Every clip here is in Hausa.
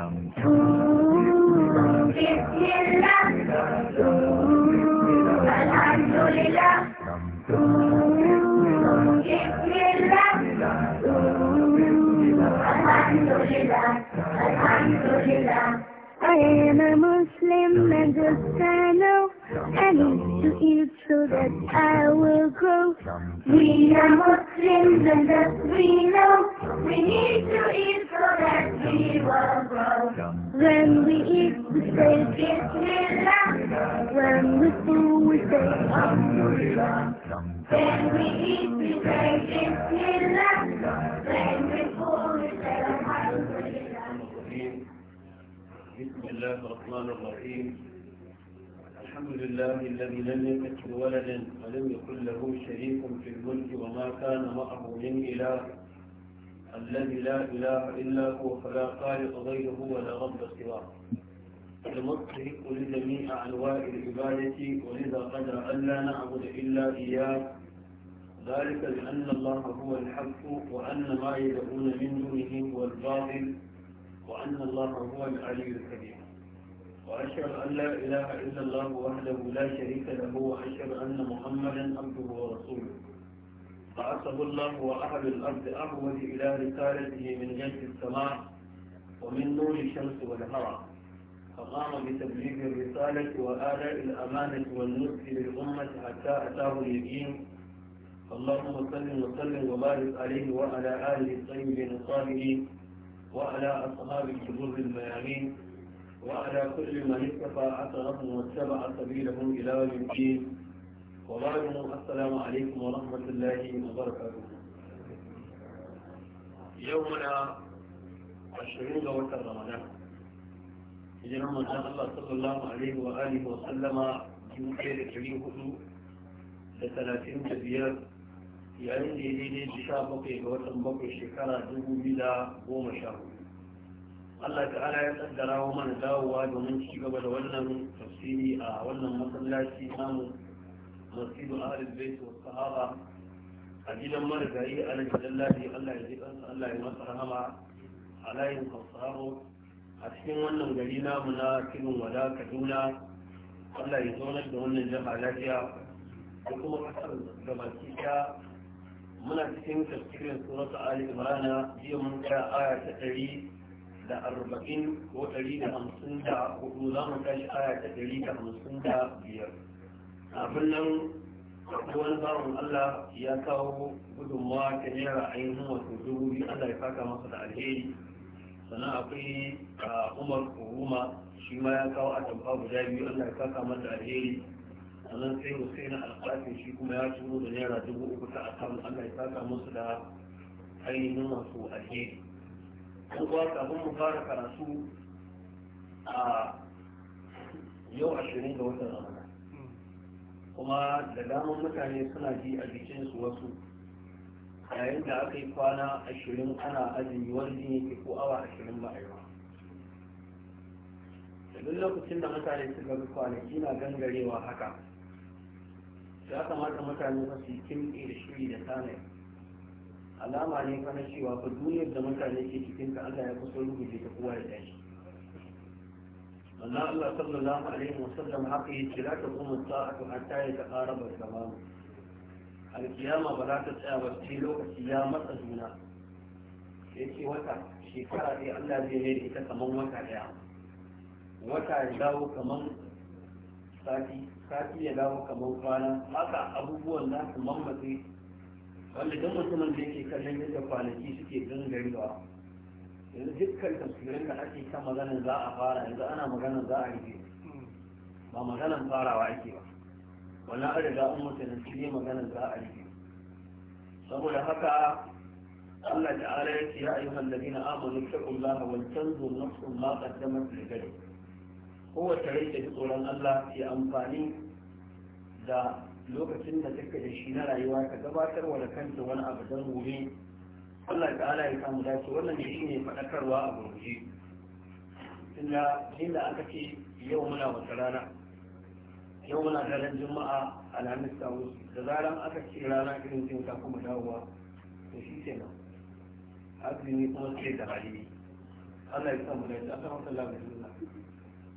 I am a Muslim and I know, I need to eat so that I will grow. We are Muslims and a we know we need to eat so that. When we eat, we say Bismillah. When we do, we say Alhamdulillah. When we eat, we say Bismillah. When we do, we say Alhamdulillah. بسم الله الرحمن الرحيم الحمد لله الذي لم يكن ولدا ولم يكن له شريك في الملك وما كان معه من إله الذي لا إله إلا هو فلا خالق غيره ولا رب سواه المستحق ولجميع أنواع العبادة ولذا قدر ألا نعبد إلا إياه ذلك لأن الله هو الحق وأن ما يدعون من دونه هو الباطل وأن الله هو العلي الكبير وأشهد أن لا إله إلا الله وحده لا شريك له وأشهد أن محمدا عبده ورسوله بعثه الله وأحد الأرض أهود إلى رسالته من جنس السماء ومن نور الشمس والهرى فقام بتبليغ الرسالة وآلاء الأمانة والنصح للأمة حتى أتاه اليقين اللهم صل وسلم وبارك عليه وعلى آله الطيبين الصالحين وعلى أصحاب الحضور الميامين وعلى كل من اتبع عثرهم واتبع سبيلهم إلى يوم الدين السلام عليكم ورحمة الله وبركاته يومنا عشرين وتر رمضان ما شاء الله صلى الله عليه وآله وسلم يمكن تريه لثلاثين كبير يعني لي لي بشابقي وتم بقي شكرا دبو بلا ومشاهد Allah ta'ala ya kaddara wa mana dawowa domin ci gaba da masjidu ahlul bait wa sahaba a gidan marigayi a nan gidan lafi Allah ya ji kansa Allah ya masa rahama a layin Hausaro a cikin wannan gari namu na cikin wada Kaduna Allah ya zaunar da wannan jiha lafiya da kuma kasar da baki ɗaya muna cikin tafsirin suratu Ali Imran jiya mun ga aya ta ɗari da arba'in ko ɗari da hamsin da hudu za mu tashi aya ta ɗari da hamsin da biyar. abin nan wani bawan Allah ya kawo gudunmawa ta naira ainihin wato dubu biyu Allah ya saka masa da alheri sannan akwai umar kuruma shi ma ya kawo atamfa guda biyu Allah ya saka masa da alheri sannan sai Hussein alƙafin shi kuma ya turo da naira dubu uku ta akam Allah ya saka masa da ainihin wato alheri. Kun kuwa kafin mu fara karatu a yau ashirin ga watan Ramadan. kuma da damar mutane suna ji a jikinsu wasu yayin da aka yi kwana ashirin ana azumi wani yake ko awa ashirin ba da duk lokacin da mutane su bi kwanaki na gangarewa haka ya kamata mutane masu cikin da shiri da tsanai alama ne fa na cewa ba duniyar da mutane ke cikin ka Allah ya kusa rubuce ta kowa ya tashi manzo Allah sallallahu alaihi wasallam haka yace la taqumu sa'atu hatta yataqaraba al-zaman alkiyama ba za ta tsaya ba sai lokaci ya matsa juna yace wata shekara dai Allah zai ne ita kaman wata ɗaya. wata ya dawo kamar sati sati ya dawo kamar kwana haka abubuwan za su mammatse wanda duk mutumin da yake kallon yadda kwanaki suke gangarewa yanzu dukkan tafsirin da ake kan maganar za a fara yanzu ana maganar za a rufe ba maganar farawa ake ba wannan an riga an mutane shi ne maganar za a rufe saboda haka Allah ta'ala ya ce ya ayyuhan ladina amanu a wancan tanzur nafsun ma da li ghadin kowace rai da tsoron Allah ya amfani da lokacin da take da shi na rayuwa ka gabatar wa da kanta wani abu don gobe Allah ta'ala ya samu dace wannan shi ne faɗakarwa a gurguje inda inda aka ce yau muna wata rana yau muna daren juma'a a alhamis ta wuce da zaran aka ce rana irin jin ta kuma dawowa to shi ke nan ne kuma sai da hali Allah ya samu dace a samu sallah bismillah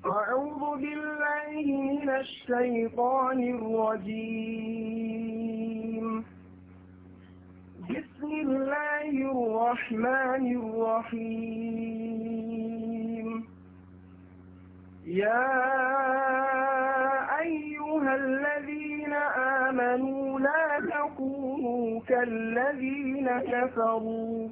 أعوذ بالله من الشيطان الرجيم بسم الله الرحمن الرحيم يا أيها الذين آمنوا لا تكونوا كالذين كفروا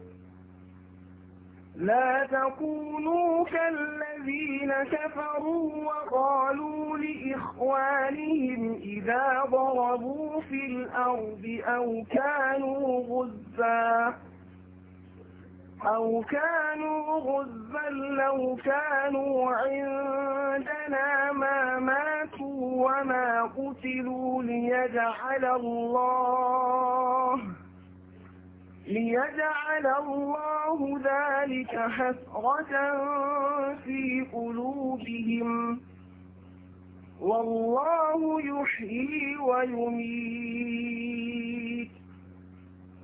لا تكونوا كالذين كفروا وقالوا لإخوانهم إذا ضربوا في الأرض أو كانوا غزا أو كانوا غزا لو كانوا عندنا ما ماتوا وما قتلوا ليجعل الله ليجعل الله ذلك حسرة في قلوبهم والله يحيي ويميت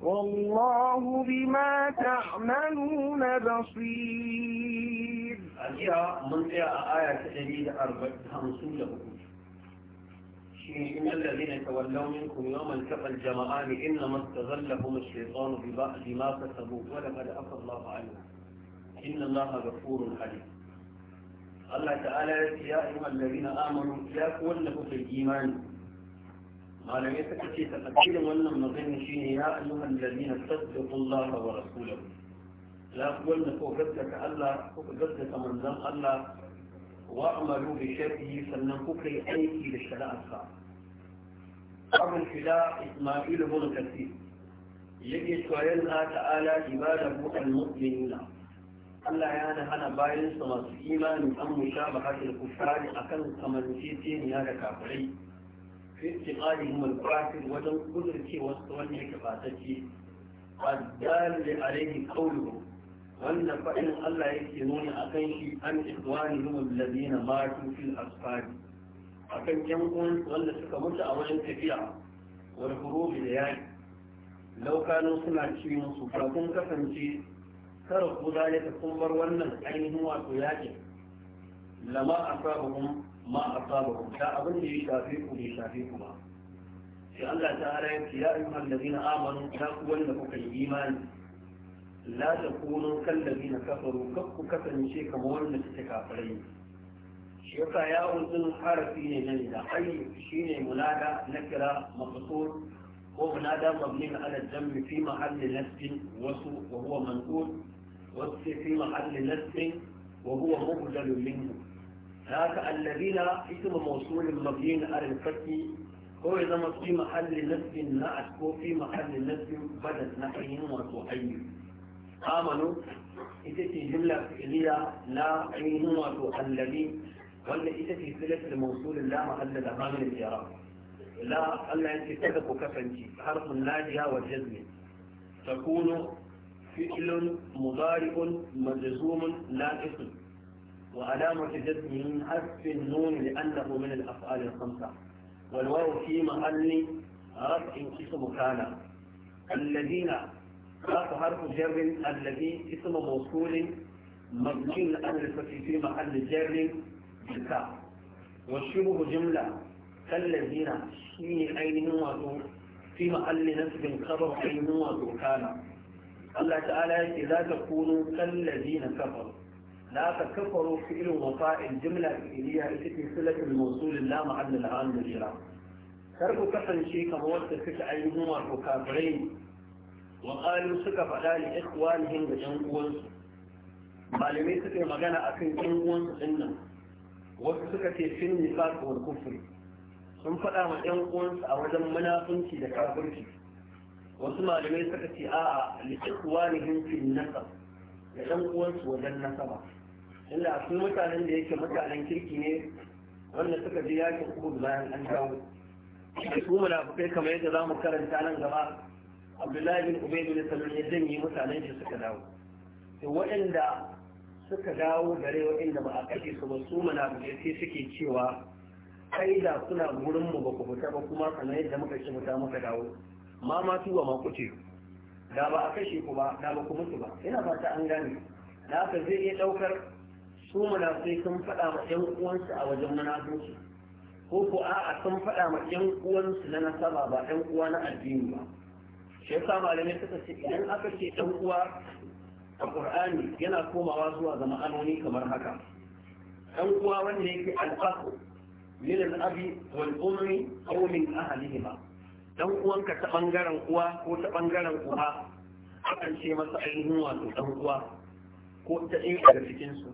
والله بما تعملون بصير أجاء من آية 154 شيء إن الذين تولوا منكم يوم التقى الجمعان إنما استغلهم الشيطان بما كسبوا ولقد عفى الله عنهم إن الله غفور حليم الله تعالى يا أيها الذين آمنوا يا كونه في الإيمان ما لم يتكفي تقدير ولم نظن شيء يا أيها الذين صدقوا الله ورسوله لا كونه فقدك الله فقدك من ذنب الله wa'amalu bi shar'i sannan kuka yi aiki da shari'arka. abin fida ismail ibn kasir yake cewa yana ta'ala ibada bu al-mu'minina Allah ya na hana bayan sa masu imani an musha ba hakil kufari akan kamarci teniya da kafirai fi istiqali mun kafir wajen kudurce wasu wani kafatacci qaddal li alayhi qawluhu wannan fa'in Allah ya ke nuni a kan shi an ikwani hum alladhina matu fil asfari akan yan uwan wanda suka mutu a wajen tafiya wal hurubi da yaki laukano suna ci musu ba kun kasance kara ku zalika kun bar wannan ainihin wato yakin lama asabahum ma asabahum da abin da ya shafe ku bai shafe ku ba sai Allah ta'ala ya ce ya ayyuhal ladina amanu ta ku wanda kuka yi imani la da kuno kallabi na kafaru kakku kasance kamar wanda suke kafirai shi yasa yawon din harafi ne na nida ayi shine mulada na kira maqsur ko munada mabni ala dam fi mahalli nasb wasu wa huwa manqul wasu fi mahalli nasb wa huwa mubdal minhu هو إذا في محل نسب نعت في محل نسب بدت نحيهم وتحيي آمنوا إتتي جملة فعلية لا عينوا الذي وأن إتتي صلة الموصول لا محل لها من الجراء لا ألا أنت تدق كفنتي حرف ناجية وجزم تكون فعل مضارع مجزوم لا اسم وعلامة جزم من حذف النون لأنه من الأفعال الخمسة والواو في محل رفع اسم كان الذين كاف حرف جر الذي اسم موصول مبني على الفتح في محل جر بالكاف والشبه جملة كالذين شين عين وتو في محل نسب خبر عين وتو كان الله تعالى إذا تكونوا كالذين كفروا لا تكفروا فعل وفاعل جملة فعلية التي صلة الموصول لا محل العام للإعراب كرب كفن شيء كما وصفت عينه وكافرين وقالوا suka faɗa li ikhwanihim da ƴan uwansu malamai suka yi magana akan ƴan uwansu din nan wasu suka ce fil nifaq wal kufr sun faɗa ma ƴan uwansu a wajen munafunci da kafirci wasu malamai suka ce a'a li ikhwanihim fil nasab da ƴan uwansu wajen nasaba inda akwai mutanen da yake mutanen kirki ne wanda suka je yakin uhud bayan an dawo su munafukai kamar yadda za mu karanta nan gaba abdullahi bin ubay bin salul ya janye mutanen shi suka dawo to waɗanda suka dawo gare waɗanda ba a kashe su ba su munafikai sai suke cewa kai da kuna gurin mu ba ku fita ba kuma kamar yadda muka ci muta muka dawo ma ma tuwa ma kuce da ba a kashe ku ba da ba ku mutu ba ina fata an gane da haka zai iya ɗaukar su munafikai sun faɗa ma ƴan uwansu a wajen munafiki ko ko a'a sun faɗa ma ƴan uwansu na nasaba ba ƴan uwa na addini ba shi yasa malamai suka ce idan aka ce dan uwa a ƙur'ani yana komawa zuwa zama anoni kamar haka Ɗan uwa wanda yake al-aqu min al-abi wal ummi aw min ahlihima dan uwanka ta bangaren uwa ko ta bangaren uwa? akan ce masa ainihin wato dan uwa ko ta ɗaya daga cikin su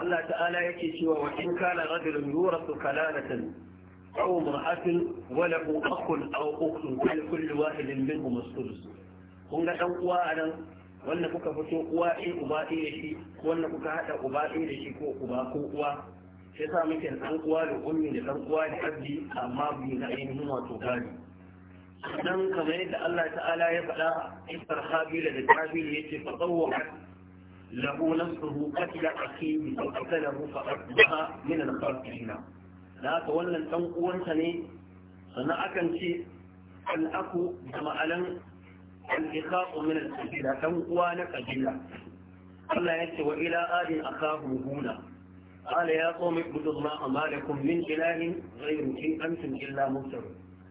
Allah ta'ala yake cewa wa in kana rajulun yurasu kalalatan أو امرأة وله أخ أو أخت فلكل واحد منهم السدس kun ga ɗan uwa a nan wanda kuka fito uwa ɗaya uba ɗaya da shi wannan kuka haɗa uba ɗaya da shi ko uba ko uwa sai sa muke ɗan uwa da ummi da ɗan uwa da abdi amma bi na ainihin wato gani sannan kamar yadda Allah ta'ala ya faɗa isar habila da kabil yace fa tsawwa lahu nafsuhu qatla akhihi fa qatalahu fa asbaha min al-khasirin da haka wannan ɗan uwanta ne sannan akan ce al'aku da ma'alan al'ikaku min al'ajira ɗan uwa na ƙabila Allah ya ce wa ila adin aka huhuna Allah ya tso mai gudun ma a malakun min ilahin tsayin illa mutar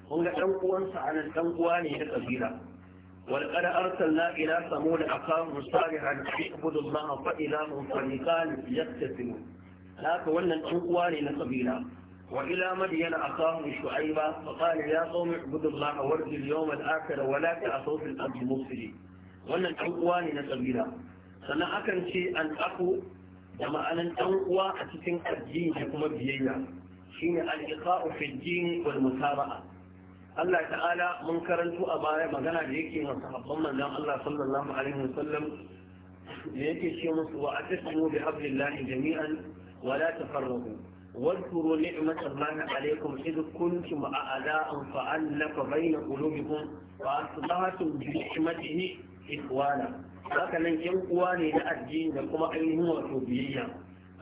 kun ga ɗan uwansa a nan ɗan uwa ne na ƙabila walƙada arsal na ila samu da aka musari a nufi gudun ma a fa'ila mun fa'ika fi mu. Haka wannan ɗan uwa ne na kabila. وإلى مدين أخاهم شعيبا فقال يا قوم اعبدوا الله وارجوا اليوم الآخر ولا تعصوا في الأرض مفسدي وأن الأخوان نتبلا سنة أكن شيء أن اقوى كما أن اقوى أتسن الدين حكم بيئة حين الإخاء في الدين والمتابعة الله تعالى من كرنت أبايا مغانا ليكي وصحب من الله صلى الله عليه وسلم ليكي شيء وأتسموا بحبل الله جميعا ولا تفرقوا واذكروا نعمة الله عليكم إذ كنتم أعداء فألف بين قلوبكم فأصبحتم بنعمته إخوانا إن هكذا ينقواني لأدين لكم أيهم وتوبيا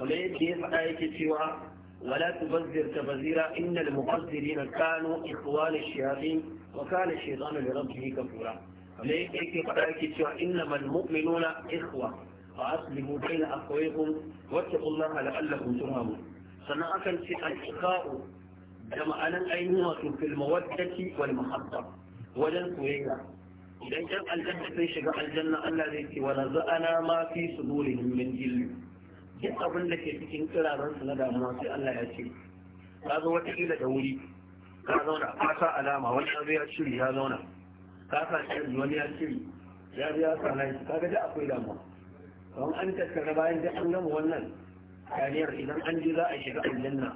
وليس آية يتسوى ولا تبذر تبذيرا إن المبذرين كانوا إخوان الشياطين وكان الشيطان لربه كفورا وليس آية يتسوى إنما المؤمنون إخوة فأصلحوا بين أخويكم واتقوا الله لعلكم ترحمون sannan akan ce al-iqa'u da ma'anan ainihin wato fil mawaddati wal mahabba wajen soyayya idan kan aljanna sai shiga aljanna Allah zai ce wa naza'ana ma fi sudurihim min jilli duk abin da ke cikin kiraran su na damuwa sai Allah ya ce ka zo wata kila da wuri ka zauna ka sa alama wani abu ya shiri ya zauna ka sa shiri wani ya shiri ya ya sa nan ka ga da akwai damuwa don an tattara bayan da an gama wannan kariyar idan an ji za a shiga aljanna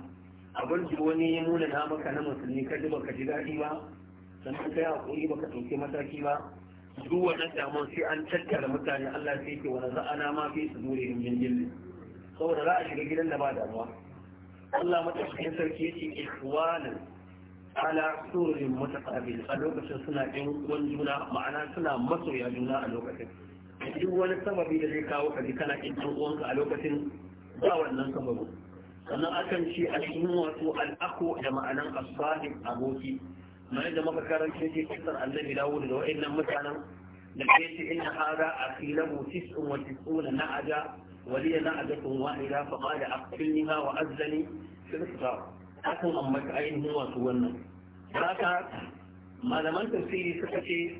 abin da wani ya nuna na maka na musulmi ka ji baka ji daɗi ba sannan kai hakuri baka ɗauki mataki ba duk wannan damuwar sai an tattara mutane Allah sai ke wani za'ana ma fi su dore in jinjin saboda za a shiga gidan da ba damuwa Allah matashin sarki yake ikhwanan ala surin mutaqabil a lokacin suna ɗin uwan juna ma'ana suna masoya juna a lokacin duk wani sababi da zai kawo ka ji kana ɗin uwanka a lokacin ba wannan sababin sannan akan ce a cikin wato al'ako da ma'anan asahib aboki mai da muka karanta ce kisar annabi dawud da wa'annan mutanen da ke ce inna hada akhi lahu tis'un wa tis'una na'aja wa liya na'ajatun wahida fa qala aqtilniha wa azzani fil kitab akan amma ainihin wato wannan haka malaman tafsiri suka ce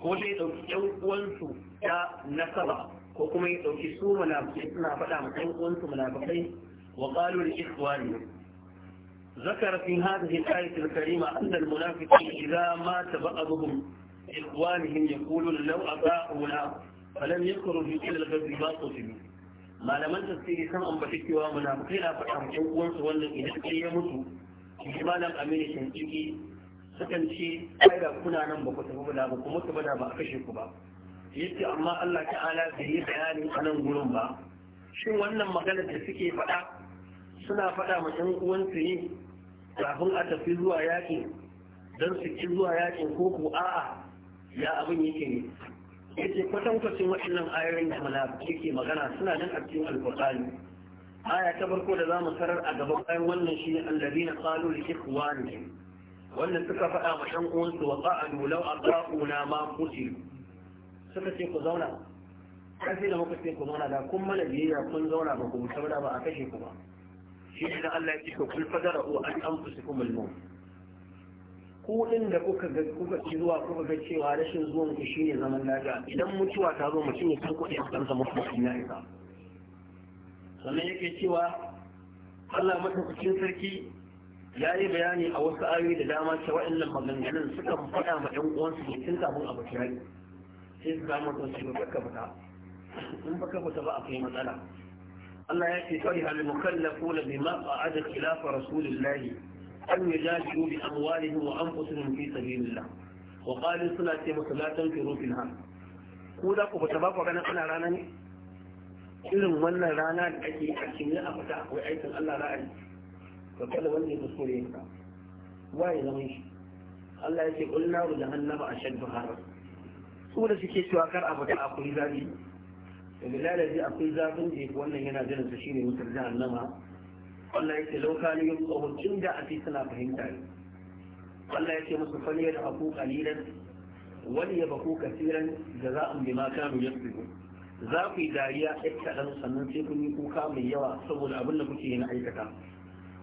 ko dai dauki yan uwansu ta nasaba ko kuma ya ɗauki su malafai suna faɗa ma ɗan uwansu malafai wa ƙalu da ikhwani zakar fi hadhihi al-ayati al-karima anna al-munafiqina idha mata ba'dhuhum ikhwanihim yaquluna law ata'una falam yakru fi kull al-ghadri ma qutilu malaman tafsiri san an bace cewa munafiqai na faɗa ma ɗan uwansu wannan idan sai ya mutu shi malam amini shin kiki sukan ce kai da kuna nan ba ku tafi ba ku mutu ba ba a kashe ku ba yace amma Allah ta'ala bai yi bayani a nan gurin ba shin wannan magana da suke faɗa suna faɗa ma ɗan uwansu ne kafin a tafi zuwa yaƙi don su ki zuwa yaƙin ko ko a'a ya abin yake ne yace kwatankwacin waɗannan ayoyin da malafi ke magana suna nan a cikin alƙur'ani aya ta farko da zamu sarar a gaban bayan wannan shine alladhina qalu li ikhwanihim wannan suka faɗa ma ɗan uwansu wa qa'alu law aqra'una ma qutilu suka ce ku zauna sai da muka ce ku zauna da kun mana biyayya kun zauna ba ku musamman ba a kashe ku ba shi ne da Allah ya ce kul fadara'u an anfusikum al-maut ku din da kuka ga kuka ci zuwa kuka ga cewa rashin zuwan ku shine zaman lafiya idan mutuwa ta zo mutum ya san kuɗi a kansa mutum ya isa sannan yake cewa Allah madaukakin sarki ya yi bayani a wasu ayoyi da dama cewa nan maganganun sukan faɗa ma 'yan uwansu ne tun kafin abu sai ka kama kan shi baka fita in baka fita ba akwai matsala Allah ya ce fari hal mukallafuna bima qa'ada khilaf rasulillah an yajadu bi amwalihim wa anfusihim fi sabilillah wa qalu suna ce musu la tanfiru fil har ko da ku fita ba ku ganin ana rana ne irin wannan rana da ake a kimiyya a fita akwai aikin Allah ra'ayi to kada wanda ya kuskure ya fita waye zaman shi Allah ya ce kullu naru jahannama ashaddu harar kuma da suke cewa kar abu da akwai zabi daga lalazi akwai zafin da wannan yana jiran su shine wutar annama Allah yake lokali yin tsohon da a suna fahimta ne Allah yake musu faliyar abu kalilan wani ya baku kasiran da za a bi ma kanu ya za ku yi dariya ya kaɗan sannan sai kun yi kuka mai yawa saboda abin da kuke yin aikata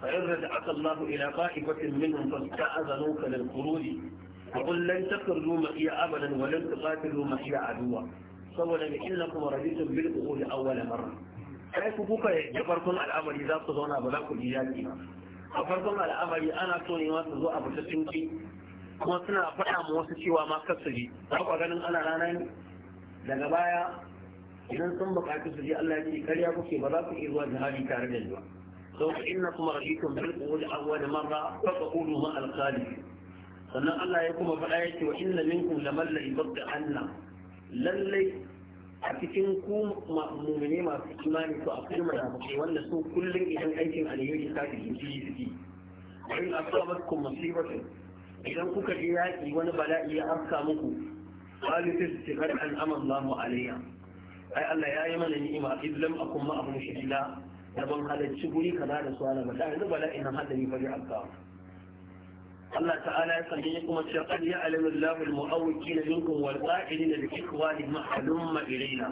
fa in raja'aka Allah ila qa'ibatin minhum fasta'azanuka lil khuruji وقل لن تخرجوا معي أبدا ولن تقاتلوا معي عدوا saboda mai ina kuma rajistun bil ƙuri awwala marra kai ku kuka da farkon al'amari za ku zauna ba za ku ji yaƙi ba a farkon al'amari ana so ne masu zo a fita cinci kuma suna faɗa ma wasu cewa ma kar su ji ba ku ganin ana rana ne daga baya idan sun buƙaci su ji Allah ya ce karya kuke ba za ku iya zuwa jihadi tare da ni ba saboda inna kuma rajistun bil ƙuri awwala marra fa qulu ma al-khalid sannan Allah ya kuma faɗa ya ce wa inna minkum laman la yubda anna lallai a cikin ku mu'mine masu imani to akwai munafiki wanda su kullun idan aikin alheri ta ji jinji jiki wa in asabatkum musibatu idan kuka ji yaki wani bala'i ya afka muku qalu tisqad an amma Allahu alayya ai Allah ya yi mana ni'ima idan lam akum ma'ahum shahida da ban halacci guri kaza da su ana ba yanzu bala'in nan hadari fa ji afka Allah ta'ala ya sanya ya kuma cewa qad ya'lamu Allahu al-mu'awwiqina minkum wal qa'ilina bi ikhwanihim halumma ilayna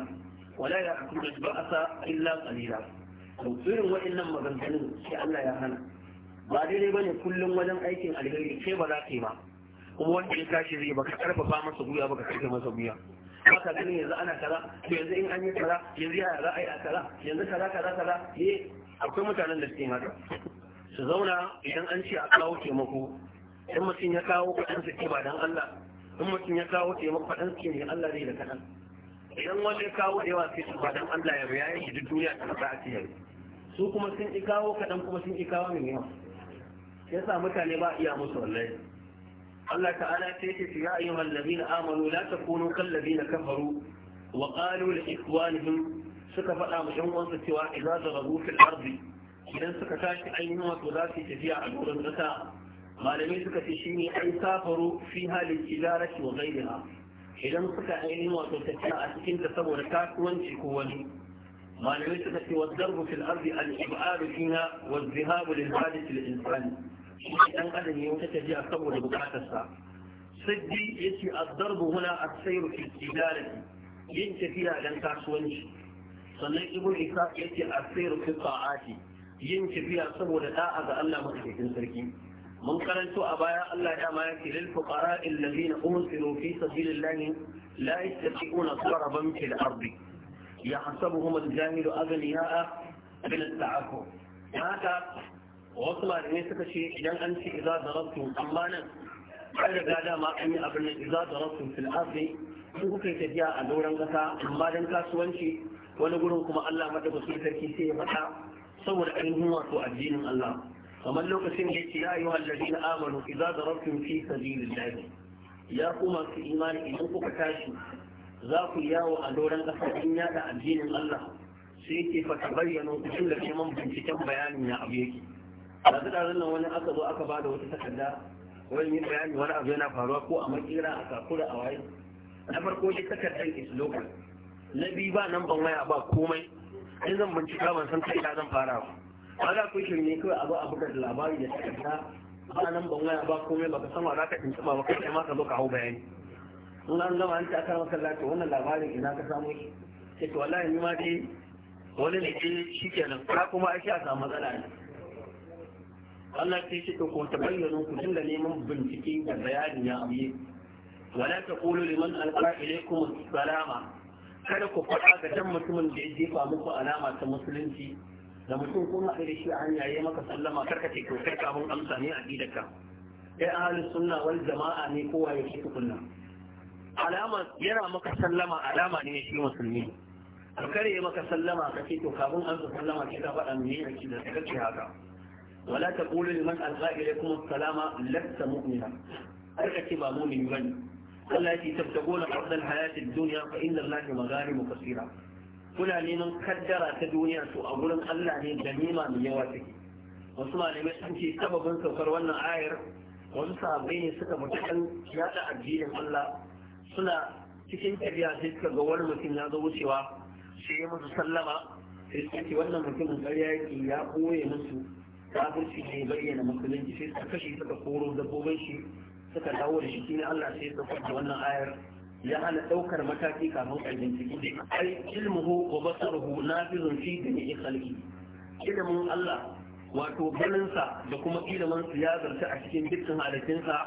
wa la ya'tuna al-ba'sa illa qalila to irin wa'annan maganganun sai Allah ya hana ba daidai kullum wajen aikin alheri kuma wanda ya tashi zai baka karfafa masa guya baka karfafa masa guya haka ganin yanzu ana kaza to yanzu in an yi kaza yanzu ya za a yi kaza yanzu kaza kaza kaza ne eh, akwai mutanen da suke haka su zauna idan an ce a kawo taimako in mutum ya kawo kuɗin su ba dan Allah in mutum ya kawo taimakon kuɗin su ne Allah zai da kaɗan idan wani ya kawo da yawa sai ba dan Allah ya bayar shi duk duniya ta kasa a cikin su kuma sun ki kawo kaɗan kuma sun ki kawo min yawa yasa mutane ba iya musu wallahi الله تعالى تيتي يا أيها الذين آمنوا لا تكونوا كالذين كفروا وقالوا لإخوانهم سكفة آمشهم وانستوا إذا ضربوا في الأرض إذا سكتاش أينما تلاتي تفيع عدور الغساء ما في يتكتشين أي سافروا فيها للتجارة وغيرها إذا نصك أيني وتتكنا أسكين تصور كاكوا شكوا ما لم يتكتش والضرب في الأرض الإبعاد فينا والذهاب للبادث الإنسان شيء أن أدني وتتجي أصور بقاة الساعة سدي يتي الضرب هنا السير في التجارة ينتهي فيها لن تعشونش صنعي ابن إساء يتي السير في الطاعات ينتهي فيها صور لا أعد الله مخيطين تركين mun karanto a baya Allah ya ma yake lil fuqara alladhina umsiru fi sabilillahi la yastati'una daraban fil ardi yahsabuhum al-jahilu aghniya'a min at-ta'affuf haka wasu malamai suka ce idan an ce idza darabtum amma nan an riga dama an yi kuka yi tafiya a doron kasa amma dan kasuwanci wani gurin kuma Allah madaba sarki sai ya faɗa saboda ainihin wato addinin Allah kamar lokacin da yake ya ayyuhal ladina amanu idza darabtum fi sabilillah ya kuma su imani idan kuka tashi za ku yawo a doron ƙasa in yada addinin Allah sai ke fata bayyana ku tun da neman binciken bayanin ya abu yake da su nan wani aka zo aka ba da wata takarda wani yin bayani wani abu yana faruwa ko a makera a kakura a waye na farko shi takardar is local na biyu ba nan ban waya ba komai in zan bincika ban san ta ina zan fara ba ba za ku shirme kawai abu abu da labari da takarda ba nan ban waya ba komai baka san wa za ka tuntuɓa ba kai ma ka zo ka hau bayani in an gama an ta aka maka wannan labarin ina ka samu shi sai to wallahi ni ma dai wani ne dai shikenan ka kuma ai sha samu matsala ne Allah sai shi to ko ta bayyana ku dinga neman bincike da bayani ya abiye wala taqulu liman alqa ilaykum salama kada ku faɗa ga dan mutumin da ya jefa muku alama ta musulunci da mutum kun haɗu da shi a hanya ya maka sallama karka ce to kai kafin amsa ne a gidanka kai ahalin sunna wal jama'a ne kowa ya ci tukunna alama yana maka sallama alama ne shi musulmi to kare ya maka sallama ka ce to kafin amsa sallama kai ka faɗa ne a gidanka kace haka ولا تقولوا لمن ألقى إليكم السلام لست مؤمنا أركت ما مؤمن بني التي تبتغون عرض الحياة الدنيا فإن الله مغارم كثيرة kuna neman kaddara ta duniya to a gurin Allah ne da nima mai yawa take wasu malamai sun ce sababin saukar wannan ayar wasu sahabbai ne suka mutu kan yada addinin Allah suna cikin tafiya sai suka ga wani mutum ya zo wucewa sai ya musu sallama sai suka ce wannan mutumin ƙarya yake ya koye musu kafirci ne bayyana musulunci sai suka kashe suka koro dabbobin shi suka dawo da shi ne Allah sai ya saukar da wannan ayar ya hana ɗaukar mataki kafin a bincike ai ilmuhu wa basaruhu nafizun fi in khalqi ilimin Allah wato ganinsa da kuma ilimin ya zarta a cikin dukkan halittunsa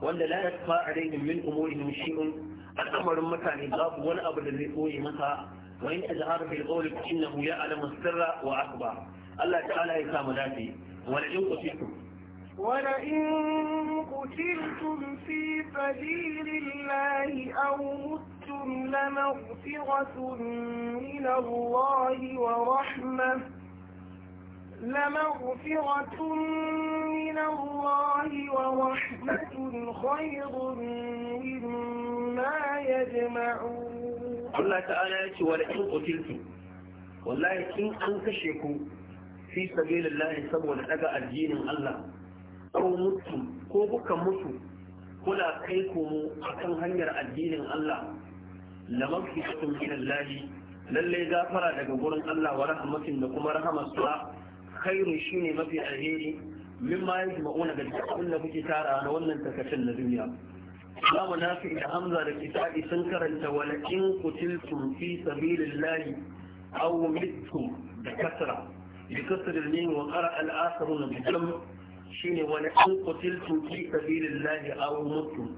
wanda la yasfa alaihim min umurihim shay'un al'amarin mutane babu wani abu da zai koye masa wa in tajharu bil qawli innahu ya'lamu sirra wa akba Allah ta'ala ya mu dace wa in qutitum ولئن قتلتم في سبيل الله أو متم لمغفرة من الله ورحمة لمغفرة من الله ورحمة خير مما يجمعون الله تعالى يقول ولئن قتلتم والله إن أنكشكم في سبيل الله سبحانه وتعالى الدين الله aw mutu ko kuka mutu kuna kai komo akan hanyar addinin Allah lamafikum ila Allah lalle gafara daga gurin Allah wa rahmatin da kuma kairu shi shine mafi alheri mimma ma'una da abin da kuke tara na wannan takashin na duniya Imamu Nafi da Hamza da Kisa'i sun karanta walakin in kutiltum fi sabilillahi aw da kasra bi kasr al-mim wa qara al-akharuna bi shine wani an kutiltu fi sabilillahi aw mutum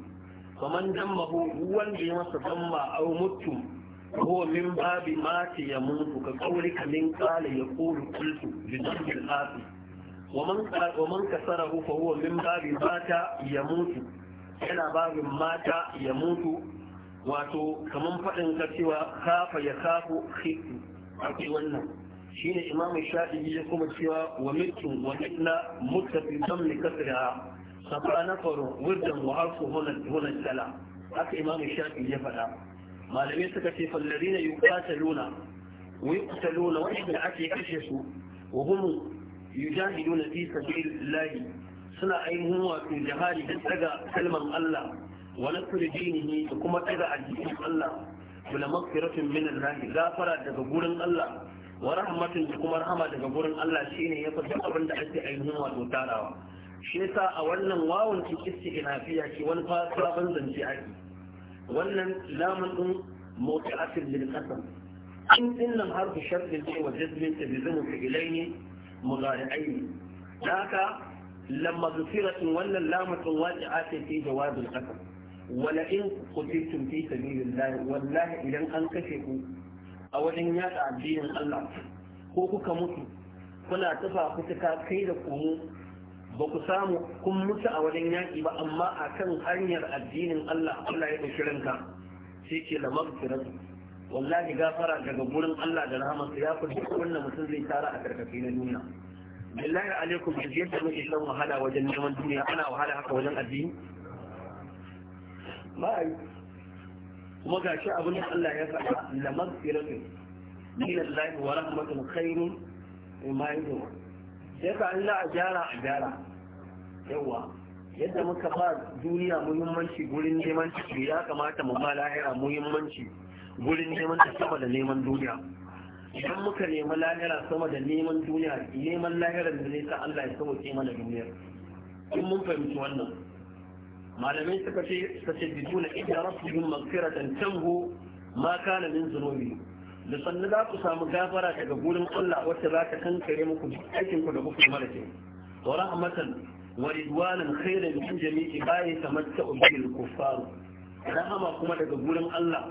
faman dammahu wanda ya masa damma aw mutum هو من باب مات يموت كقولك من قال يقول قلت بذنب الآثم ومن ومن كسره فهو من باب مات يموت إلى باب مات يموت واتو كمن فإن كسوى خاف يخاف خيف wannan. shine Imamin shafi'i ya kuma cewa wa mitu wa inna muttafi zamli kasriha sab'a nafarun wa harfu huna sala haka imamu shafi'i ya faɗa malamai suka ce fallarina yuqataluna wa yuqtaluna wa inda ake kashe su wa hum yujahiduna fi sabilillahi suna ainihin wato jihadi da daga kalman Allah wa nasru dinihi da kuma daga addinin Allah bila maghfiratun min Allah gafara daga gurin Allah wa rahmatin da kuma rahama daga gurin Allah shine ya fada abin da ake ainihin wato tarawa shi yasa a wannan wawun ki istinafiya ki wani fa sabon zance ake wannan lamun din mutaasir bil qasam in dinnan harfu shartin ce wa jazmin ta bi zumu fi ilayni mudari'aini haka lamma zufiratun wannan lamatun waqi'a ce fi jawabil qasam ولئن قتلتم في Wallahi, idan an kashe ku. a wajen yada addinin Allah ko kuka mutu kuna tafa kutuka kai da komo ba ku samu kun mutu a wajen yaƙi ba amma a kan hanyar addinin Allah Allah ya ɗauki ranka sai ke da magfiratu wallahi gafara daga gurin Allah da rahamarsa ya fi duk wannan mutum zai tara a karkashi na duniya billahi alaikum yanzu yadda muke shan wahala wajen neman duniya ana wahala haka wajen addini ba a yi kuma ga shi abin da Allah ya faɗa mafirafin maghfiratun min Allah wa rahmatin khairun mimma yajma'un sai ka Allah a gyara a gyara yawa yadda muka ba duniya muhimmanci gurin neman ciki ya kamata mu ba lahira muhimmanci gurin neman ta sama da neman duniya idan muka nemi lahira sama da neman duniya neman lahirar da zai sa Allah ya sauke mana duniyar in mun fahimci wannan malamai suka ce satajiduna inda rasulun magfiratan tanhu ma kana min zunubi da sannu za ku samu gafara daga gurin Allah wacce za ta kankare muku aikin ku da kuka mara kyau wa rahmatan wa ridwanan khairan min jami'i bayi tamatta'u bil kuffar rahama kuma daga gurin Allah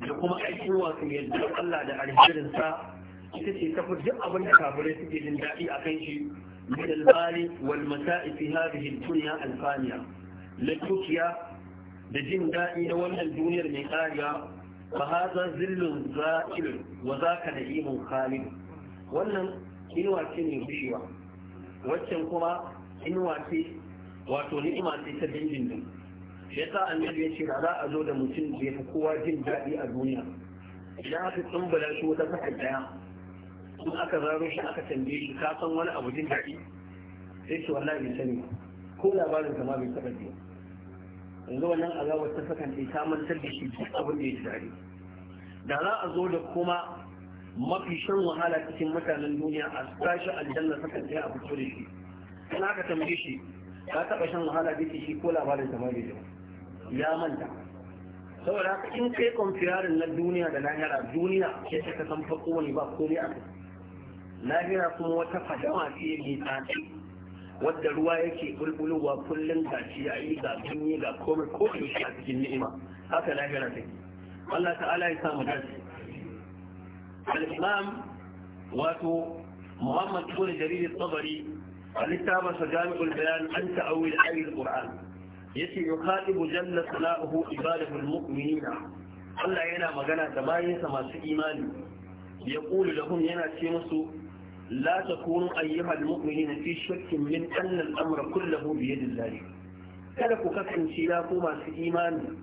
da kuma aikin wasu yadda Allah da alherin sa ita ce ta duk abin da kafirai suke jin daɗi a kan shi min al-mali wal masa'i fi hadhihi ad-dunya al na dukiya da jin daɗi na wannan duniyar mai ƙariya fa haza zillin za'il wa za ka da imun khalid wannan inuwa ce mai gushewa waccan kuma inuwa ce wato ni'ima ce ta dindindin shi yasa annabi ya ce da za a zo da mutum da ya fi kowa jin daɗi a duniya idan aka tsumbala shi wata saka ɗaya in aka zaro shi aka tambaye shi ka san wani abu jin daɗi sai ce wallahi sani ko labarin zama bai taɓa biyu yanzu wannan gawar ta sakan ɗai ta mantar da shi duk abin da ya dare da za a zo da kuma mafi shan wahala cikin mutanen duniya a tashi aljanna sakan ɗaya a fito da shi in aka tambaye shi ka taɓa shan wahala da shi ko labarin ta mai da ya manta saboda haka in kai kwamfiyarin na duniya da lahira duniya ke ta kasan fa kowane ba komai a kai lahira kuma wata fadama ce mai tsanani. wadda ruwa yake bulbulowa kullum ga shi a yi ga ganye ga komai ko a cikin ni'ima haka lahira take Allah ta'ala ya samu dace al-imam wato Muhammad ibn Jarir al-Tabari a littafin sa Jami'ul Bayan an ta'awil ayatul Qur'an yace yukhatibu jalla salahu ibadahu al-mu'minina Allah yana magana da bayinsa masu imani ya kulu lahum yana ce musu لا تكونوا أيها المؤمنين في شك من أن الأمر كله بيد الله kada ku kasance ya ku masu imani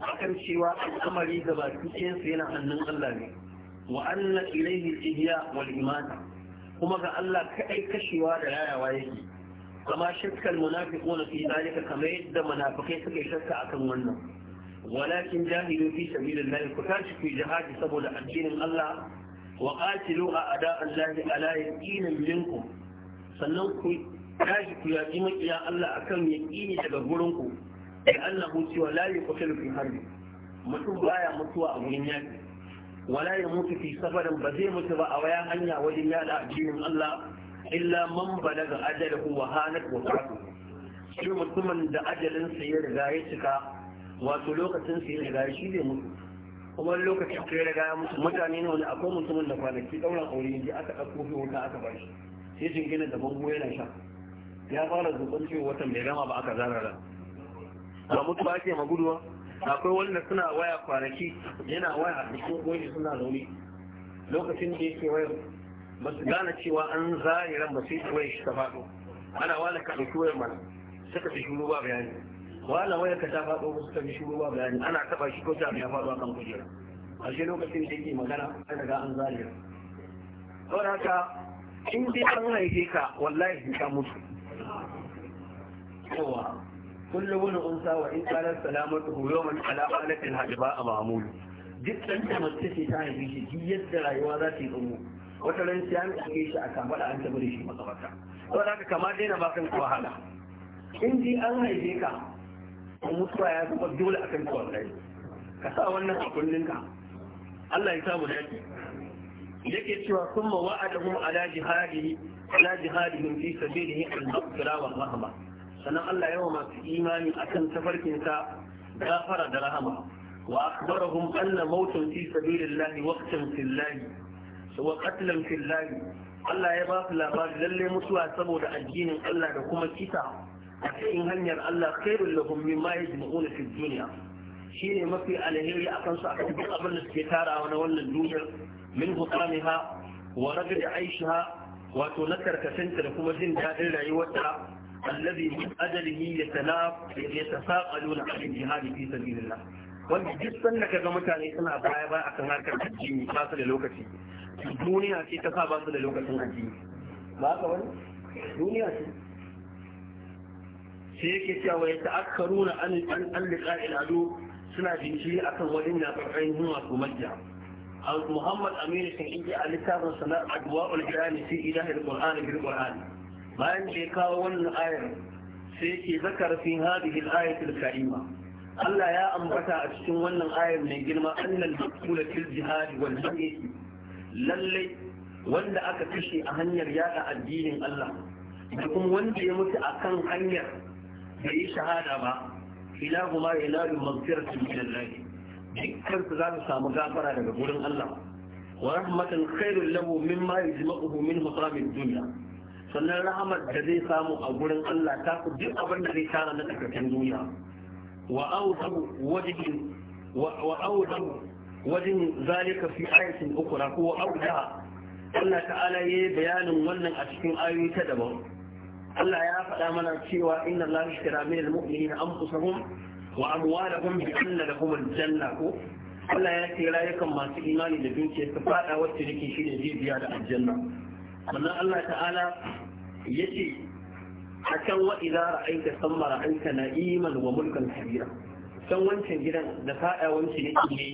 akan cewa al'amari da baki yana hannun Allah ne wa anna ilayhi al kuma ga Allah kadai kashewa da rayawa yake kama shakkal munafiquna fi dalika kamar yadda munafikai suke shakka akan wannan walakin jahilu fi sabilillah ku tashi ku jihadi saboda addinin Allah wa a ada allahi ala yaqinin minkum sannan ku tashi ku yaƙi maƙiya Allah akan yaƙini daga gurinku. ku da Allah ku cewa la yuqtalu fi harbi mutum baya mutuwa a wurin yaƙi wala ya mutu fi safarin ba zai mutu ba a waya hanya wajen yada addinin Allah illa man balaga ajalahu wa hanat wa shi mutumin da ajalinsa ya riga ya cika wato lokacin sa ya riga shi zai mutu kamar lokacin kai daga ya mutane ne wani akwai mutumin da kwanaki ɗauran aure ne aka ɗauko fi wuta aka ba shi sai jingina da bango yana sha ya fara zuƙon cewa watan bai gama ba aka zarara ba mutuwa ke maguduwa akwai wanda suna waya kwanaki yana waya a cikin goyi suna zaune lokacin da yake wayar ba su gane cewa an zare ba sai su wayar shi ta faɗo ana wani ka ɗauki wayar mana suka fi shuru ba bayani wala waya ka ta faɗo ba suka shi ruwa ba bayani ana taɓa shi ko ta ya faɗo kan kujera a shi lokacin da yake magana an riga an zaliya saboda haka in dai an haife ka wallahi ka mutu Kowa kullu wani unsa wa in kana salamatu yawman ala halatin hajba a mamul duk ɗan da mace ce ta haife shi duk yadda rayuwa za ta yi tsumo wata ran sai an ake shi a kan faɗa an tabbata shi makabarta saboda haka kamar daina ba kan wahala in dai an haife ka mutuwa ya zama dole akan ka wallahi ka sa wannan a kullun ka Allah ya samu dace yake cewa kuma wa'adahum ala jihadihi ala jihadihim fi sabilihi al-maghfira wa rahma sannan Allah ya wa masu imani akan tafarkin sa gafara da Rahma. wa akhbarahum anna mawtun fi sabilillahi waqtan fillahi wa qatlan fillahi Allah ya ba su labari lalle mutuwa saboda addinin Allah da kuma kisa a cikin hanyar Allah khairul lahum mimma yajma'una fi dunya shine mafi alheri akan su akan duk abin da suke tarawa na wannan duniyar min huqamiha wa ragd aishaha wato na karkashinta da kuma jin daɗin rayuwarta allazi min ajalihi yatanaf yatasaqaluna an jihadi fi sabilillah wanda duk sanda kaga mutane suna baya baya akan harkar addini ba su da lokaci duniya ce ta sa ba su da lokacin addini ba haka wani duniya ce sai yake cewa ya ta'akkaruna an an liqa'il adu suna jinkiri akan waɗannan ainihin wato majiya Muhammad Aminu sun inji a littafin sanar addu'a ulgirani fi ilahil Qur'ani bil Qur'ani bayan da ya kawo wannan ayar sai yake zakar fi hadhihi al-ayat al-karima Allah ya ambata a cikin wannan ayar mai girma annal maqula fil jihad wal hayy lalle wanda aka kashe a hanyar yada addinin Allah da kuma wanda ya mutu akan hanyar bai yi shahada ba ilahu ma ilahu maghfiratin min Allah dukkan su za su samu gafara daga gurin Allah wa rahmatan khairul lahu mimma yajma'uhu min hutamid dunya sannan rahamar da zai samu a gurin Allah ta ku duk abin da zai tara na tsakakin duniya wa awdahu wajhin wa awdahu wajhin zalika fi ayatin ukhra ko awdaha Allah ta'ala yayi bayanin wannan a cikin ayoyi ta daban Allah ya faɗa mana cewa inna Allah ishtara min al-mu'minina anfusahum wa amwalahum bi anna lahum al-janna ko Allah ya ce rayukan masu imani da dukiya su faɗa wacce nake shi ne jibiya da aljanna sannan Allah ta'ala ya ce a can wa idza ra'aita samma ra'aita na'iman wa mulkan kabira can wancan gidan da faɗa wancan ne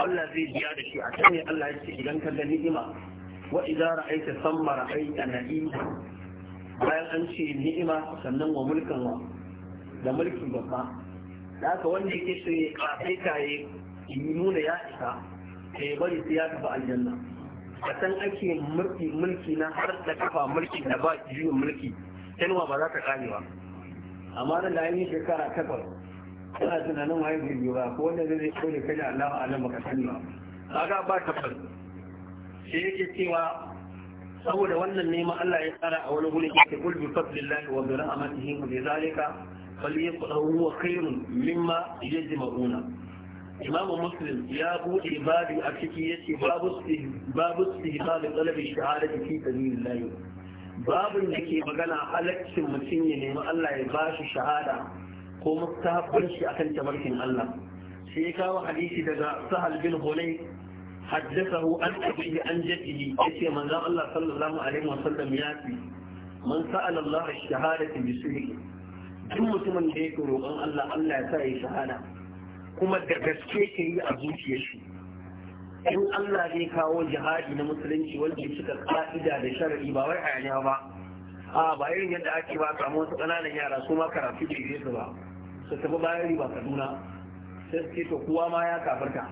Allah zai biya da shi a can ne Allah ya ce idan ka ga ni'ima wa idza ra'aita samma ra'aita na'iman bayan an ce ni'ima sannan wa mulkan wa da mulkin babba da aka wanda yake so ya kasai kaye in nuna ya isa ya bari sai ya tafi aljanna a san ake mulki mulki na har da kafa mulki da ba juyin mulki yanwa ba za ta kare ba amma da na yi shekara takwas suna tunanin waye zai biyo ba ko wanda zai kone kai da Allah a nan baka sani ba kaga ba tabbas sai yake cewa saboda wannan nema Allah ya tsara a wani guri yake kul bi fadlillahi wa bi rahmatihi wa bi zalika falyaqulu huwa khairun mimma yajma'una imamu muslim ya bude babu a ciki yace babu babu istihbab talabi shahadati fi sabilillah babu da ke magana halaccin mutum ya nemi Allah ya bashi shahada ko mustahabbar shi akan tabarkin Allah sai ya kawo hadisi daga sahal bin hulay حدثه عن أبيه عن جده يتي من ذا الله صلى الله عليه وسلم ياتي من سأل الله الشهادة بسره duk mutumin da yake roƙon Allah Allah ya sa ya shahada kuma da gaske ke yi a zuciyar shi in Allah zai kawo jihadi na musulunci wanda ya cika ka'ida da sharari, ba wai hayaniya ba a ba irin yadda ake ba kamar wasu ƙananan yara su ma karatu da su ba su tafi bayan riba Kaduna sai suke to kowa ma ya kafarta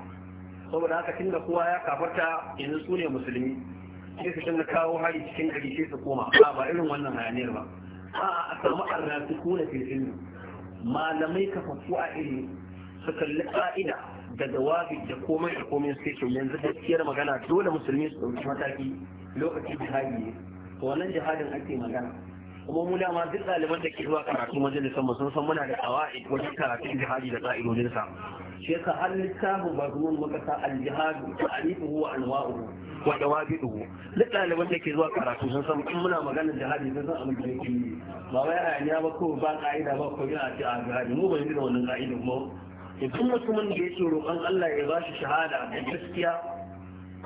saboda haka tunda kowa ya kafarta yanzu su ne musulmi sai su tunda kawo hari cikin gari sai su koma a ba irin wannan hayaniyar ba a a samu arnatu kuna fil malamai kafafu a iri su kalli ka'ida da dawabi da komai da komai su ke yanzu gaskiyar magana dole musulmi su ɗauki mataki lokacin jihadi ne to wannan jihadin ake magana kuma mu dama duk ɗaliban da ke zuwa karatu majalisar mu sun san muna da kawai wajen karatun jihadi da ƙa'idodinsa shi ka har littafin mazmun muka sa aljihadu ta'rifuhu wa anwa'uhu wa dawabiduhu duk ɗaliban da ke zuwa karatu sun san in muna magana jihadi sun san abin da yake yi ba wai a ya ba ko ba ka'ida ba ko yana ce a jihadi mu ban yi da wannan ka'idan mu duk mutumin da yake roƙon Allah ya ba shi shahada da gaskiya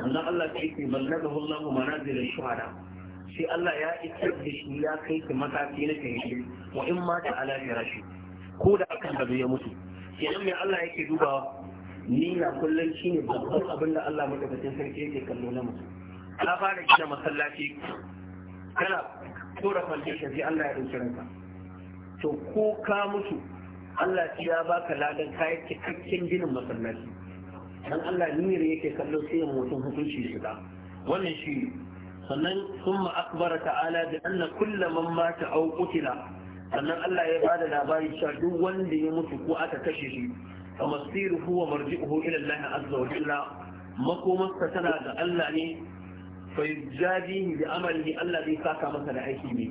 annan Allah sai ke ballagahu Allah manazil shuhada sai Allah ya isar da shi ya kai shi mataki na kai wa in mata ala firashi ko da akan da ya mutu kenan mai Allah yake dubawa na kullum shi ne babban abin da Allah madaukakin sarki yake kallo na mutum ka fara gina masallaci kana tura foundation sai Allah ya dauki ranka to ko ka mutu Allah ya baka ladan kayan cikakken ginin masallaci dan Allah niyyar yake kallo sai mutum hukunci shiga wannan shi sannan summa akbara ta'ala da anna kullu man mata aw qutila sannan Allah ya bada labari cewa duk wanda ya mutu ko aka kashe shi fa masiruhu wa marji'uhu ila Allah azza wa jalla makomarsa tana ga Allah ne fa yujadihi bi amalihi Allah zai saka masa da aiki ne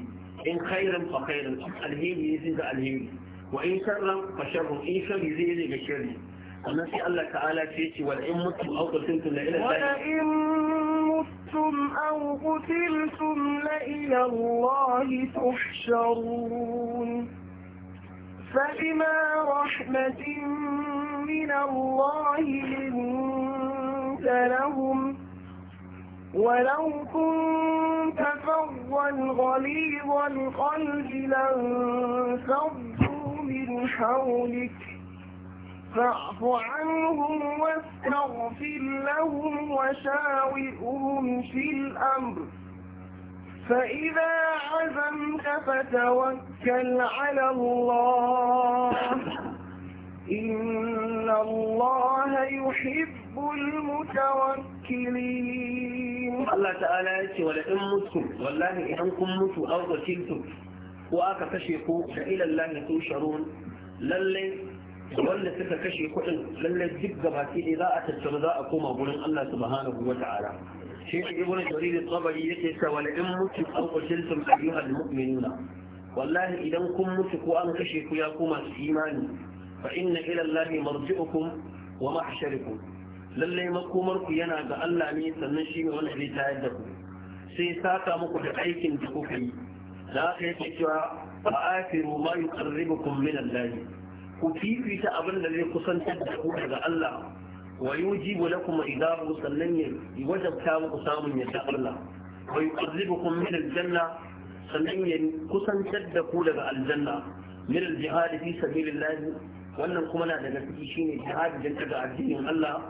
in khairan fa khairan alheri ne zai ga alheri wa in sharran fa sharrun in sharri zai ga sharri sannan sai Allah ta'ala ce ce wal in mutu aw qatiltu la ila Allah متم أو قتلتم لإلى الله تحشرون فبما رحمة من الله لنت لهم ولو كنت فظا غليظ القلب لانفضوا من حولك فاعف عنهم واستغفر لهم وشاورهم في الأمر فإذا عزمت فتوكل على الله إن الله يحب المتوكلين الله تعالى يأتي ولئن متكم والله إنكم متوا أو قتلتم وآك فشيكوا فإلى الله توشرون للي wanda suka kashe kuɗin lallai duk gabaki ne za a tattara za a koma gurin Allah subhanahu wa ta'ala shi ne ibnu jarir tabari yake cewa wala in mutu an qutiltum ayyuhal mu'minuna wallahi idan kun mutu ko an kashe ku ya koma su imani fa inna ila Allah marji'ukum wa mahsharukum lallai makomar ku yana ga Allah ne sannan shi ne wanda zai tayar da ku sai saka muku da aikin da kuka yi da aka yi cewa fa'afiru ma yuqarribukum min Allah ku fifita abin da zai kusantar da ku daga Allah wa yujibu lakum idabu sannan ya wajabta muku samun yadda Allah wa yuqarribukum min aljanna sannan ya kusantar da ku daga aljanna min aljihad fi sabilillah wannan kuma na daga ciki shine jihad da daga addinin Allah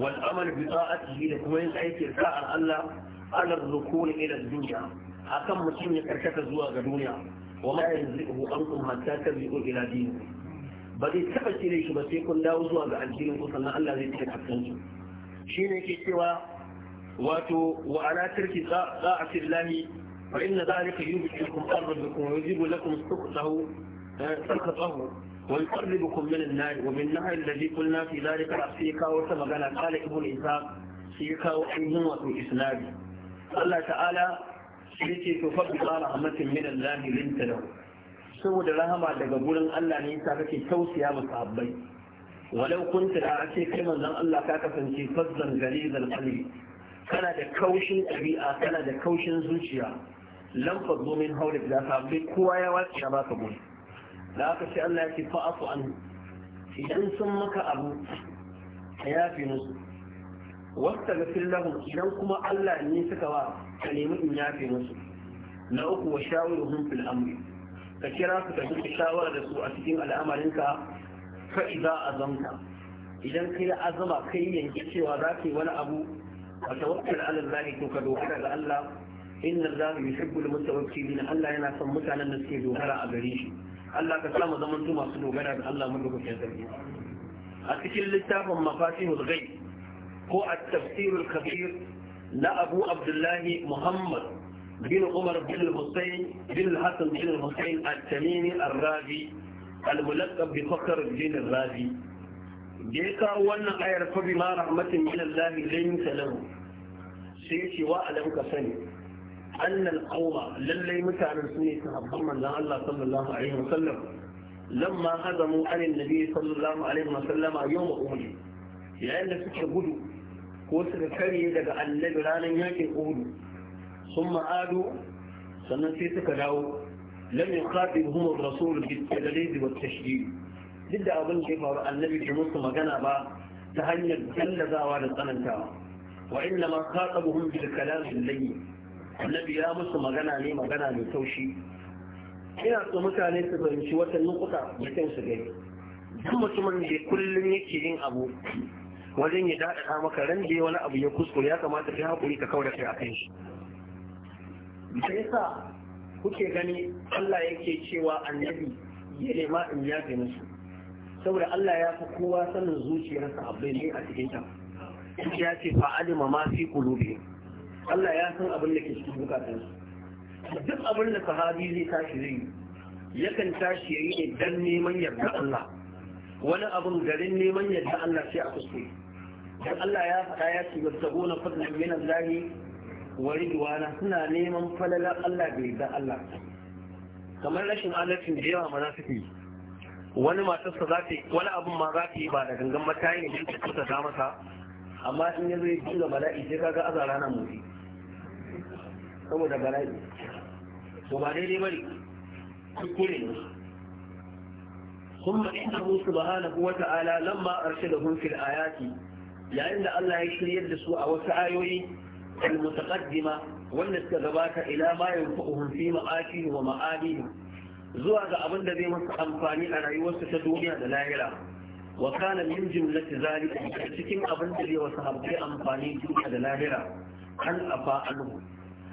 wal amal bi ta'atihi da kuma yin aikin sa'ar Allah ala rukun ila dunya akan mutum ya karkata zuwa ga duniya wa ma yanzihu ankum hatta tabi'u ila dinikum ba zai taɓa cire shi ba sai kun dawo zuwa ga addinin ku sannan Allah zai cire hakkin su shine yake cewa wato wa ala tarki da'ati lillahi fa inna dhalika yubtikum qarrabukum wa yujibu lakum sukhtahu sukhtahu wa yuqarribukum min an-nar wa min nahar alladhi qulna fi dhalika asika wa ta magana qala ibnu isa shi ya kawo ainihin wato islami Allah ta'ala shi yake to fa bi rahmatin min Allah linta lahu saboda rahama daga gurin Allah ne yasa kake tausaya mu sahabbai walau kunta da ake kai manzon Allah ka kasance fazzan galizal qalbi kana da kaushin ɗabi'a kana da kaushin zuciya lam faddu min hawlik da sahabbai kowa ya wace ya baka gurin da aka ce Allah ya ce fa'afu an idan sun maka abu ka yafi musu wasta ga lahum idan kuma Allah ne suka wa ka nemi in yafe musu na uku wa shawiruhum fil amri ka kira su ka duki shawara da su a cikin al'amarinka fa idza azamta idan kai azama kai yanke cewa za ka yi wani abu ka tawakkal ala Allah to ka dogara ga Allah inna Allah yuhibbul mutawakkilin Allah yana son mutanen da suke dogara a gare shi Allah ka mu zaman masu dogara ga Allah mun lokacin sarki a cikin littafin mafatihul ghaib ko at-tafsirul kabir na Abu Abdullahi Muhammad بن عمر بن الحسين بن الحسن بن الحسين التميمي الرازي الملقب بفخر الدين الرازي جيكا وانا غير فبما رحمة من الله لنت له سيتي وأعلم كسني أن القوم للي متعن سني تحبهم من الله صلى الله عليه وسلم لما هزموا عن النبي صلى الله عليه وسلم يوم أهل يعني سكر قدو ko suka karye daga annabi ranar yakin uhudu ثم عادوا sannan sai suka dawo lam yuqatibuhum ar-rasul bit-tadlid wat-tashdid duk da abin da ya faru annabi bai musu magana ba ta hanyar gallazawa da tsanantawa wa inna ma khatabuhum bil kalam al-layyin annabi ya musu magana ne magana mai taushi ina so mutane su fahimci wata nukuta da kan su gani duk mutumin da kullum yake yin abu wajen ya daɗaɗa maka ran da wani abu ya kuskure ya kamata kai haƙuri ka kaura kai a kan shi me yasa kuke gani Allah yake cewa annabi ya nema in yafe musu saboda Allah ya fi kowa sanin zuciyarsa abai ne a cikin ta ya ce fa alima ma fi qulubi Allah ya san abin da ke cikin su. duk abin da sahabi zai tashi zai yakan tashi yayi ne dan neman yarda Allah wani abin garin neman yarda Allah sai a kuskure dan Allah ya faɗa ya ce yabtaguna fadlan min Allah waridwana suna neman falalar Allah da Allah kamar rashin adalcin da yawa maza suke wani matarsa za ta wani abun ma za ta yi ba da gangan matayi ne da kusa ta masa amma in ya zo ya dinga bala'i sai kaga aza rana motsi saboda bala'i to ba daidai bane kuskure ne Kuma ثم da سبحانه وتعالى لما yayin da Allah ya أن da su a wasu ayoyi المتقدمة استغباك إلى ما ينفقهم في مآتهم ومآلهم زوى أبن الذي مس أنفاني على يوسف الدنيا دلائلا وكان من جملة ذلك سكن أبن الذي وصحبه أنفاني دنيا دلائلا أن أفاء عنه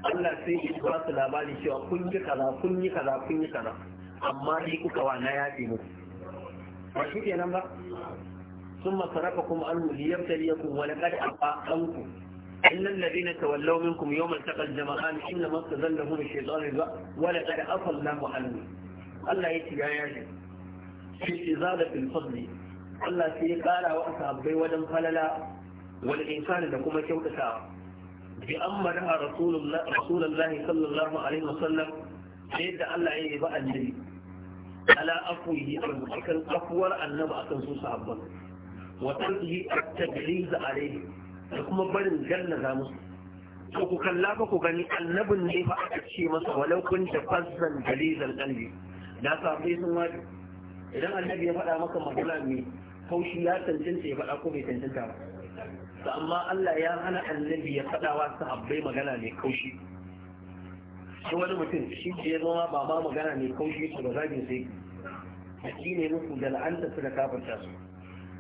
Allah sai ya ba su labari cewa kun yi kaza kun yi kaza kun yi kaza amma ni kuka wa na yaƙi muku ba shi kenan ba sun masarafa kuma an liyar tariyakun wani ƙarfi a ɗanku إن الذين تولوا منكم يوم التقى الجمعان إنما تذلهم الشيطان ولقد أصل لا عنه الله يتبع يا في إزالة الفضل الله في قال وأصحابي ولم خللا والإنسان لكم كوتسا بأمرها رسول الله رسول الله صلى الله عليه وسلم سيد الله يبقى إيه النبي على أفوه أفوه أفور النبأ أكن سوسا أبدا وتركه التجريز عليه da kuma barin gallaza musu to ku kalla ba ku gani annabin ne fa aka ce masa walau kun da fazzan dalizal qalbi da sahabbai sun wadi idan annabi ya faɗa maka magana mai kaushi ya tantance ya faɗa ko bai tantanta ba to amma Allah ya hana annabi ya faɗa wa sahabbai magana mai kaushi shi wani mutum shi ke zama ba ma magana mai kaushi su ba zagin sai a ne musu da la'anta su da kafarta su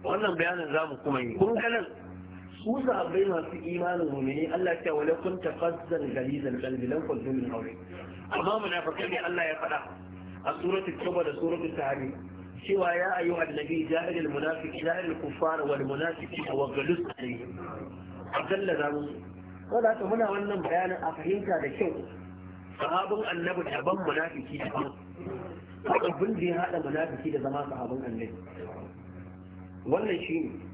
wannan bayanin za mu kuma yi kun ganin su sahabbai masu imanin mu'mini Allah ya wala kun tafazzan da qalbi lan kuntu min aure. amma munafikai ne Allah ya faɗa a suratul tauba da suratul tahrim cewa ya ayyuhan nabi jahilul munafiqi jahilul kuffar wal munafiqi wa ghalus alayhim abdalla zamu wanda ta muna wannan bayanin a fahimta da kyau sahabin annabi daban munafiki daban abin da ya haɗa munafiki da zama sahabin annabi wannan shi ne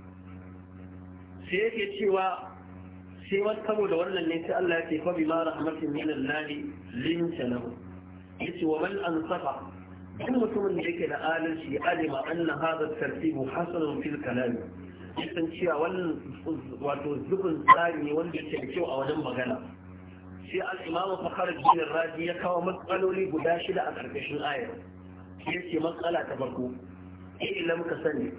sai yake cewa sai wani kamo da wannan ne sai Allah ya ce fa bima rahmatin min Allah linta lahu yace wa man ansafa duk mutumin da yake da adalci ya alima anna hadha tartibu hasanun fil kalam yasan cewa wannan wato zubin tsari ne wanda yake da kyau a wajen magana sai al-imamu fakhruddin razi ya kawo matsaloli guda shida a karkashin ayar yace matsala ta farko ilam ka sani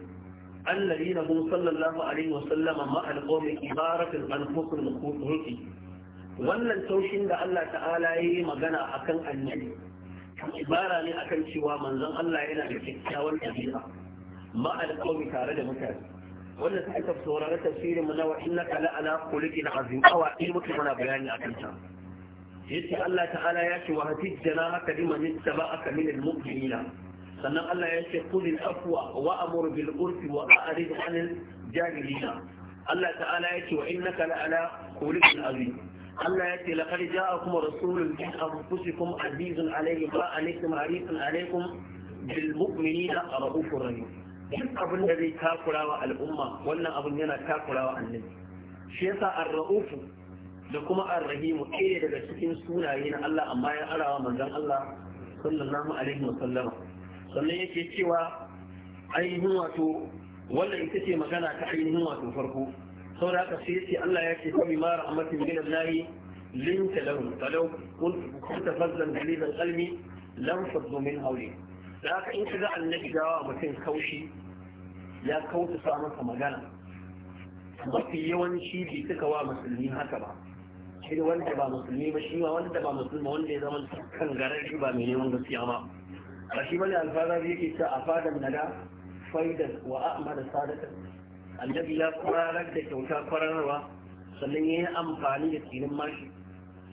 الذين هم صلى الله عليه وسلم مع القوم إبارة الأنفس المخوطي wannan taushin da Allah ta'ala ya yi magana a kan annabi ibara ne a kan cewa manzon Allah yana da kyakkyawan ɗabi'a ma alƙawmi tare da mutane wanda ta tafi saurari tafsirin mu na wa innaka la ala khuluqin azim awa in muke muna bayani akan ta yace Allah ta'ala ya ce wa hatijjana haka liman ittaba'aka min al-mu'minina sannan Allah ya ce kulil afwa wa amur bil urfi wa a'rid anil jahilina Allah ta'ala ya ce wa innaka la ala khuluqin azim Allah ya ce laqad ja'akum rasulun min anfusikum azizun alayhi ma alaykum harisun alaykum bil mu'minina raufur rahim duk abin da zai takura wa al'umma wannan abin yana takura wa annabi shi yasa ar-raufu da kuma ar-rahimu ɗaya daga cikin sunaye na Allah amma ya arawa manzon Allah sallallahu alaihi wa sallama sannan yake cewa ainihin wato wannan ita ce magana ta ainihin wato farko da haka sai yace Allah ya ce kami ma rahmatin min Allah linta lahum falau kunta fazzan dalilal qalbi lam faddu min hawli da haka in kaga annabi gawa mutum kaushi ya kauta sa masa magana mafi yawanci bai suka wa musulmi haka ba shi wanda ba musulmi ba shi ma wanda ba musulma wanda ya zama kan garar shi ba mai neman gaskiya ma ba shi wani bane alfarar yake ta a fadan nada faidan wa a'mada sadatan annabi ya kwararar da kyauta kwararwa sannan ya yi amfani da tsinin mashi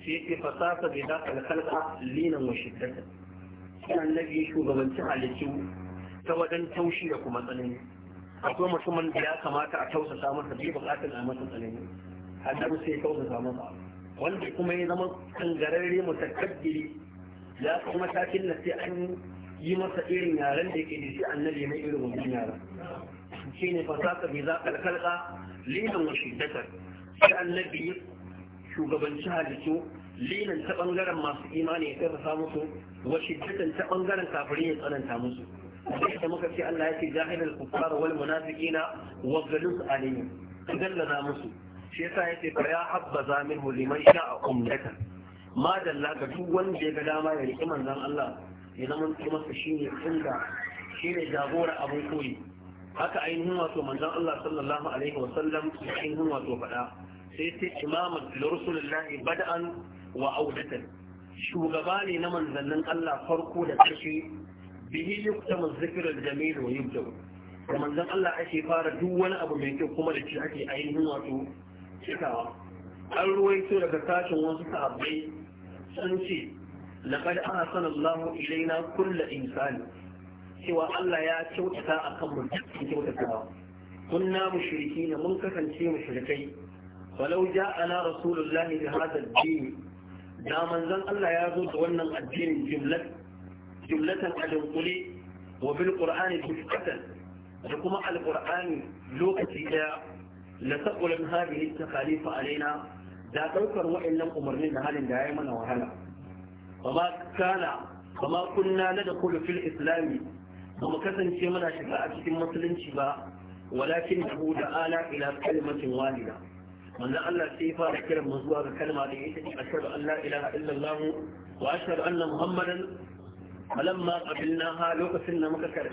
sai yake fasasa bai da kalkalka linan wa shiddata sai annabi ya shugabanci halittu ta wajen taushi da kuma tsanani akwai mutumin da ya kamata a tausasa masa bai bukatar a masa tsanani annabi sai ya tausasa masa wanda kuma ya zama kangararre mutakabbiri ya kuma matakin da sai an yi masa irin yaren da yake da shi annabi mai irin wannan yaren shi ne fasaka bai za kalkalka linan wa shiddatar shi annabi shugabanci halittu linan ta ɓangaren masu imani ya karfafa musu wa shiddatan ta bangaren kafirin ya tsananta musu da muka ce Allah ya ce jahilul kuffar wal munafiqina wa ghalus alayhim gallana musu shi yasa yace fa ya habbaza min liman sha'a umdatan ma dalla ga duk wanda ya ga dama ya riki manzon Allah ya zama masa shi shine inda ne jagora abin koyi haka ainihin wato manzon Allah sallallahu alaihi wa sallam ainihin wato faɗa sai sai imaman rasulullahi bada'an wa audatan shugaba ne na manzannin Allah farko da ƙarshe bihi yuktamu zikr al-jamil wa yubda da manzon Allah ake fara duk wani abu mai kyau kuma da shi ake ainihin wato cikawa an ruwaito daga sashen wasu sahabbai sun ce laqad ana Allahu ilaina kull insani cewa Allah ya kyautata akan mu cikin mu shiriki mushrikin mun kasance mushrikai walau ja'ana rasulullahi bi hadha ad-din da manzon Allah ya zo da wannan addinin jumlat jumlatan adunquli wa bil qur'ani tufatan da kuma alqur'ani lokaci ɗaya. la taqulan hadhihi at-takalif alaina da daukar wa'annan umarnin da halin da ya yi mana wahala وما كان وما كنا ندخل في الإسلام ومكثن شيء منا شفاعة في مسلم شفاء ولكن هو دعانا إلى كلمة واحدة من الله سيفا ذكر مزوار كلمة لإيتني أشهد أن لا إله إلا الله وأشهد أن محمدا فلما قبلناها لوكسن مكة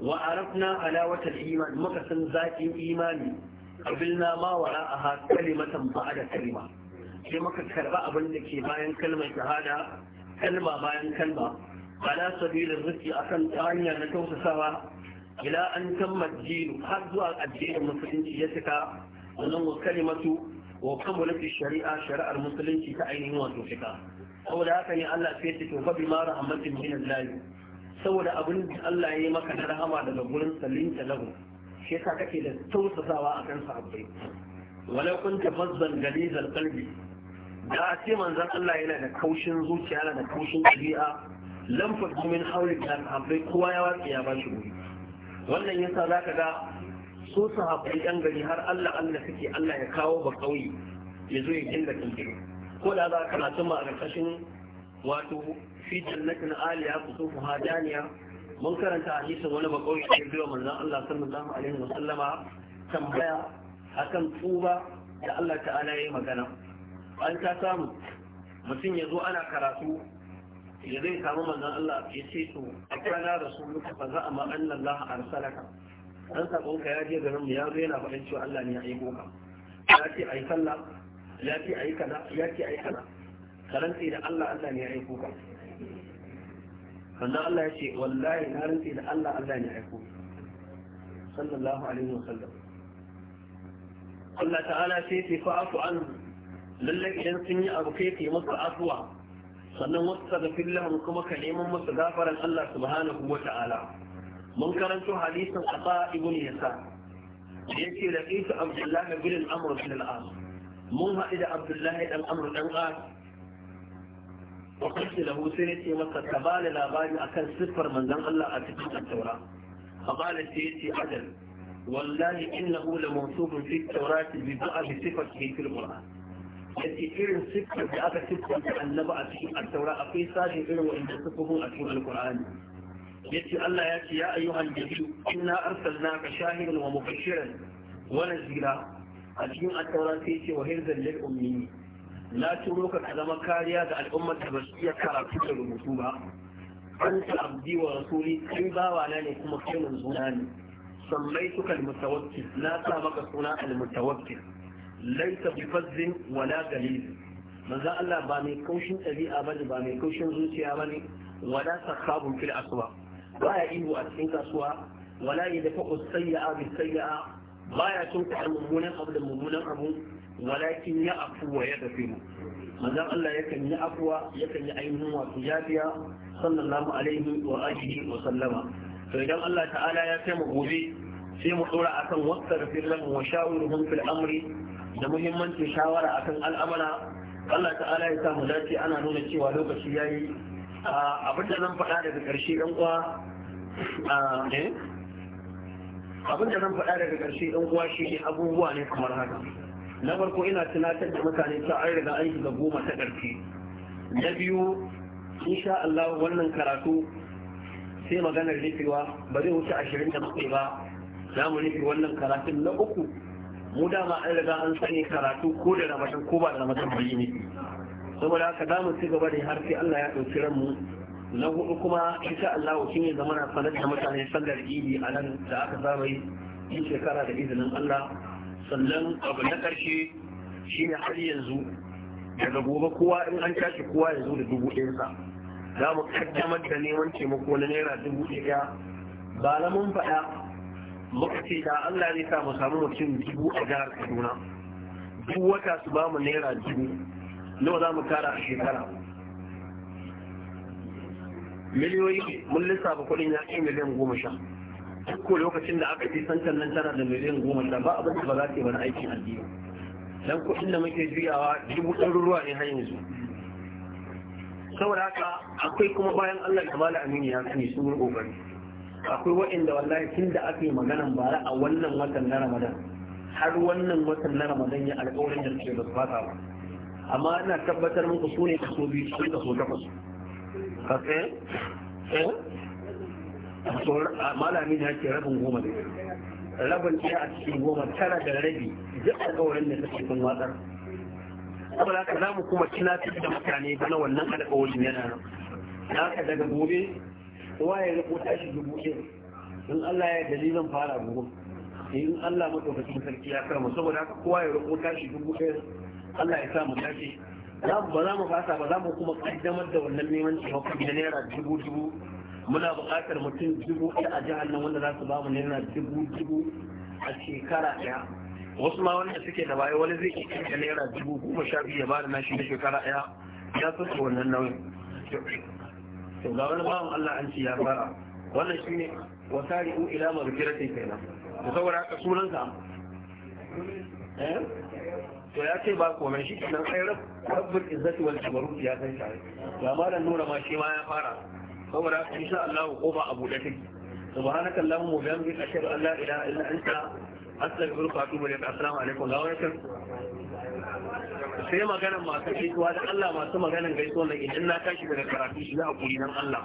وعرفنا علاوة الإيمان مكسن ذات إيماني قبلنا ما وراءها كلمة بعد كلمة ke maka karba abin da ke bayan kalmar shahada kalma bayan kalma ala sabilin rizki akan ta hanya na tausasawa ila an tamma dinu har zuwa addinin musulunci ya cika wannan wa kalimatu wa kamulat shari'a shari'ar musulunci ta ainihin wato cika saboda haka ne Allah sai ya ce to fa rahmatin min Allah saboda abin da Allah ya yi maka na rahama daga gurin salinta lahu shi yasa kake da tausasawa akan sahabbai walau kunta fazzan galizal qalbi da a ce manzan Allah yana da kaushin zuciya yana da kaushin ɗabi'a lamfar kumin haure da sahabbai kowa ya watsi ya bashi wuri wannan yasa za ka ga so sahabbai ɗan gari har Allah Allah kake Allah ya kawo ba kauye ya zo ya dinga tuntuni ko da za ka na tuma a ƙarƙashin wato fi jannatin aliya kusufu hadaniya mun karanta hadisin wani ba kauye da biyo manzan Allah sallallahu alaihi wa sallama tambaya akan tsuba da Allah ta'ala ya yi magana an ta samu mutum ya zo ana karatu ya zai samu manzon Allah ya ce to akwai rasuluka fa za a ma annallaha arsalaka an sakon ka ya je garin mu ya zo yana faɗin cewa Allah ne ya aiko ka ya ce ayi sallah ya ce ayi kaza ya ce ayi kaza karantsi da Allah Allah ne ya aiko ka sannan Allah ya ce wallahi na rantsi da Allah Allah ne ya aiko sallallahu alaihi wa sallam Allah ta'ala sai ce fa'afu anhu lallai idan sun yi abu kai kai musu afuwa sannan wasu sadafin lahun kuma ka neman musu gafaran Allah subhanahu wa ta'ala mun karanto hadisin asa ibn yasa da yake da isa abdullahi bin al-amr bin al-as mun haɗu da abdullahi dan amr dan as wa kace lahu sai yace masa ka bani labari akan siffar manzon Allah a cikin at-taura fa bala sai yace adal wallahi innahu la mawsufun fi at-taurati bi ba'a sifatihi fil qur'an yace irin siffar da aka siffanta annaba a cikin attaura akwai sashin irin wa'inda siffofin a cikin alkur'ani yace Allah ya ce ya ayyuhan nabiyyu inna arsalnaka shahidan wa mubashiran wa nazira a cikin attaura sai yace wa hirzan lil ummi Na turo ka zama kariya ga al'ummar da ba su iya karatu da rubutu ba anta abdi wa rasuli kai bawa na ne kuma kai manzona ne sammaituka al-mutawakkil na sa maka suna al-mutawakkil ليس بفز ولا دليل من ذا الله با كوشن ابي ابدا باني كوشن زوتيا بني ولا سخاب في الاسواق با يا ايبو اتين ولا يدفع السيئه بالسيئه لا يا تنفع قبل الممونا ابو ولكن يعفو ويدفن من ذا الله يكن يعفو يكن يعينه وتجابيا صلى الله عليه واله وسلم فإذا الله تعالى يكن مغوبي في مطورة أكن وقت رفيق لهم وشاورهم في الأمر da muhimmancin shawara akan al'amara Allah ta'ala ya sa mu dace ana nuna cewa lokaci yayi abin da zan faɗa daga ƙarshe ɗan uwa eh? abin da zan faɗa daga ƙarshe ɗan uwa shi ne abubuwa ne kamar haka na farko ina tunatar da mutane ta an riga an shiga goma ta ƙarfi. na biyu insha Allah wannan karatu sai maganar rufewa ba zai wuce ashirin da bakwai ba za mu nufi wannan karatun na uku mu dama an riga an sani karatu ko da ramadan ko ba da ramadan bai ne saboda haka za mu ci gaba da har sai Allah ya ɗauki ranmu na hudu kuma insha Allah shi ne zamana sanar da mutane sallar idi a nan da aka saba yi in shekara da izinin Allah sannan abu na karshe shi har yanzu daga gobe kowa in an tashi kowa ya zo da dubu ɗayansa za mu kaddamar da neman taimako na naira dubu ɗaya ba na mun faɗa lokaci ce da Allah zai sa mu samu mutum dubu a jihar Kaduna duk wata su ba mu naira dubu nawa za mu tara a shekara miliyoyi mun lissafa kuɗin ya kai miliyan goma sha ko lokacin da aka fi san nan tana da miliyan goma sha ba abin da ba za ta yi wani aikin addini dan kuɗin da muke juyawa dubu ɗaruruwa ne har yanzu saboda haka akwai kuma bayan Allah da mala amini ya sani sun yi ƙoƙari akwai wa'inda wallahi tun da aka yi maganan bara a wannan watan na ramadan har wannan watan na ramadan ya alƙawarin da suke da fata ba amma ina tabbatar muku su ne kaso biyu su da takwas ka tsaye eh? malami na ke rabin goma da rabin ɗaya a cikin goma tara da rabi duk alƙawarin da suke sun watsar saboda haka za mu kuma tunatar da mutane na wannan alƙawarin yana nan Na haka daga gobe kowa ya rubuta shi dubu ɗin in Allah ya dalilin fara bugun in Allah madaukakin sarki ya kama saboda haka kowa ya rubuta shi dubu ɗin Allah ya sa mu dace ba za mu fasa ba za mu kuma ƙaddamar da wannan neman taimako da naira dubu dubu muna buƙatar mutum dubu ɗaya a jihar nan wanda za su ba mu naira dubu dubu a shekara ɗaya wasu ma wanda suke da baya wani zai iya da naira dubu goma sha biyu ya ba da nashi na shekara ɗaya ya soke wannan nauyin to ga wani bawan Allah an ci ya fara wannan shine wasari'u ila ma maghfirati kenan to saboda haka sunan ka eh to ya ce ba komai shi kenan sai rabbul izzati wal jabarut ya san shi ma malam nura ma shi ma ya fara saboda haka insha Allah ko ba abu da take subhanakallahumma wa bihamdika ashhadu an la ilaha illa anta astaghfiruka wa atubu ilayk assalamu alaikum wa rahmatullahi sai maganan masu gaisuwa da Allah masu maganan gaisuwa na idan na tashi daga karatu shi za a kuri nan Allah